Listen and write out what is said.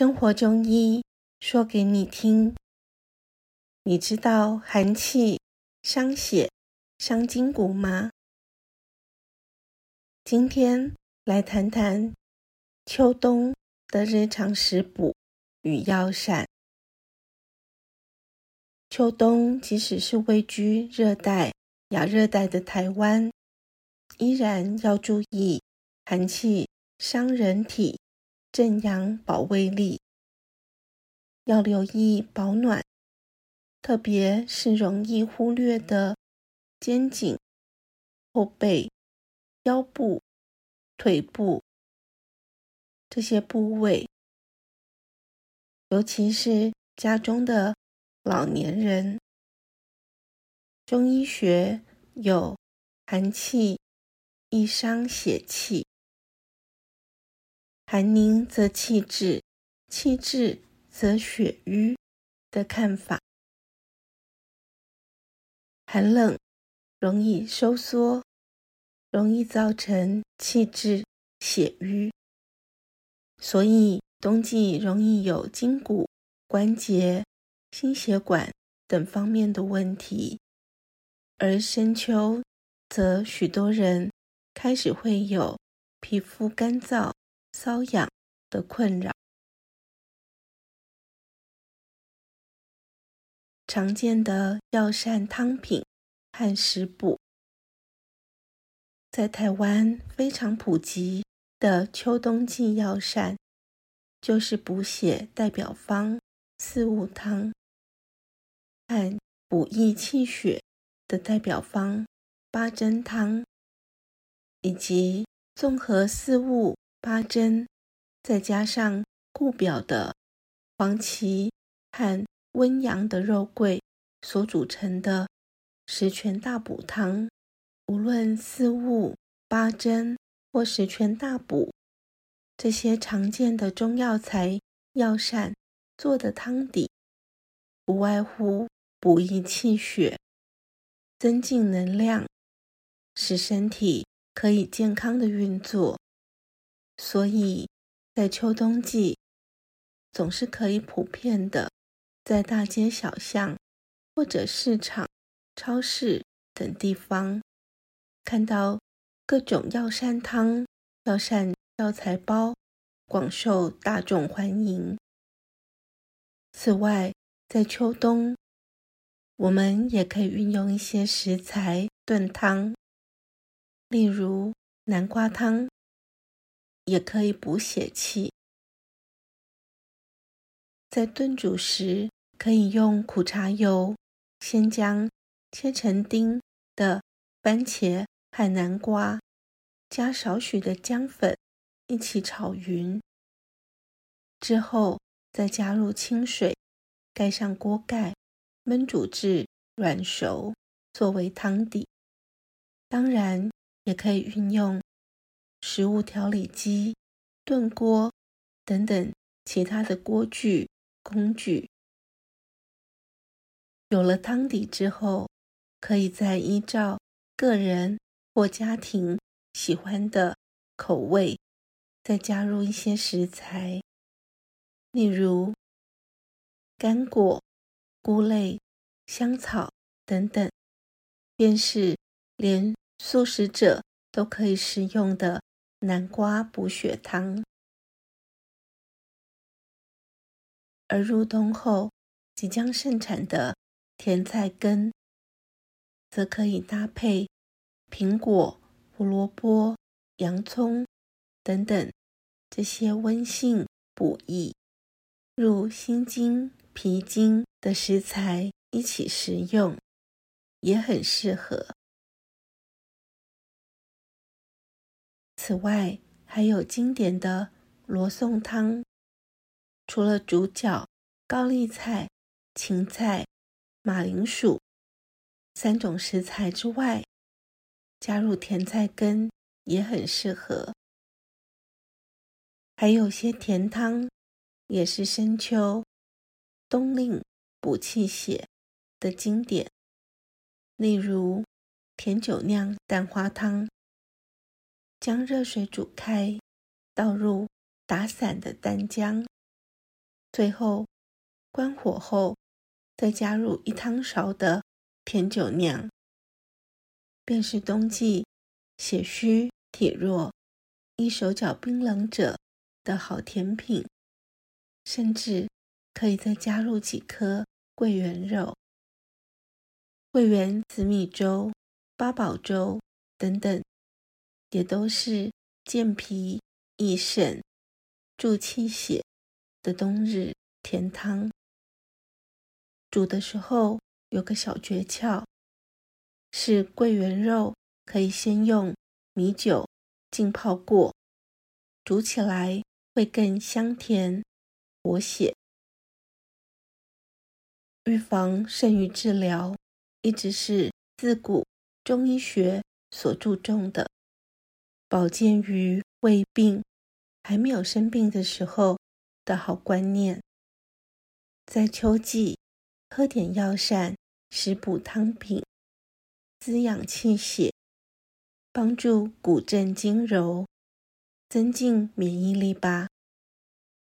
生活中醫說給你聽，你知道寒氣傷血傷筋骨嗎？今天來談談秋冬的日常食補與藥膳。秋冬，即使是位居熱帶亞熱帶的台灣，依然要注意寒氣傷人體。正陽保衛力，要留意保暖，特別是容易忽略的肩頸、後背、腰部、腿部這些部位，尤其是家中的老年人。中醫學有“寒氣易傷血氣”。寒凝則氣滯，氣滯則血瘀的看法。寒冷容易收縮，容易造成氣滯血瘀，所以冬季容易有筋骨、關節、心血管等方面的問題，而深秋則許多人開始會有皮膚乾燥。瘙癢的困擾，常見的藥膳湯品和食補，在台灣非常普及的秋冬季藥膳，就是補血代表方四物湯，和補益氣血的代表方八珍湯，以及綜合四物。八珍，再加上固表的黃耆和溫陽的肉桂所組成的十全大補湯，無論四物、八珍或十全大補，這些常見的中藥材藥膳做的湯底，不外乎補益氣血，增進能量，使身體可以健康的運作。所以，在秋冬季，總是可以普遍的在大街小巷、或者市場、超市等地方，看到各種藥膳湯、藥膳藥材包，廣受大眾歡迎。此外，在秋冬，我們也可以運用一些食材燉湯，例如南瓜湯。也可以補血氣，在燉煮時可以用苦茶油，先將切成丁的番茄、和南瓜加少許的薑粉一起炒勻，之後再加入清水，蓋上鍋蓋燜煮至軟熟，作為湯底。當然，也可以運用。食物調理機、燉鍋等等其他的鍋具工具，有了湯底之後，可以再依照個人或家庭喜歡的口味，再加入一些食材，例如乾果、菇類、香草等等，便是連素食者都可以食用的。南瓜補血湯。而入冬後即將盛產的甜菜根，則可以搭配蘋果、胡蘿蔔、洋蔥等等，這些溫性、補益、入心經、脾經的食材一起食用，也很適合。此外，還有經典的羅宋湯。除了主角高麗菜、芹菜、馬鈴薯三種食材之外，加入甜菜根也很適合。還有些甜湯也是深秋冬令補氣血的經典，例如甜酒釀蛋花湯。將熱水煮開，倒入打散的蛋漿，最後關火後，再加入一湯勺的甜酒釀，便是冬季血虛體弱、易手腳冰冷者的好甜品。甚至可以再加入幾顆桂圓肉、桂圓紫米粥、八寶粥等等。也都是健脾益腎、助氣血的冬日甜湯。煮的時候有個小訣竅，是桂圓肉可以先用米酒浸泡過，煮起來會更香甜、活血。預防勝於治療，一直是自古中醫學所注重的。保健於未病，還沒有生病的時候的好觀念。在秋季喝點藥膳、食補湯品，滋養氣血，幫助骨正筋柔，增進免疫力吧。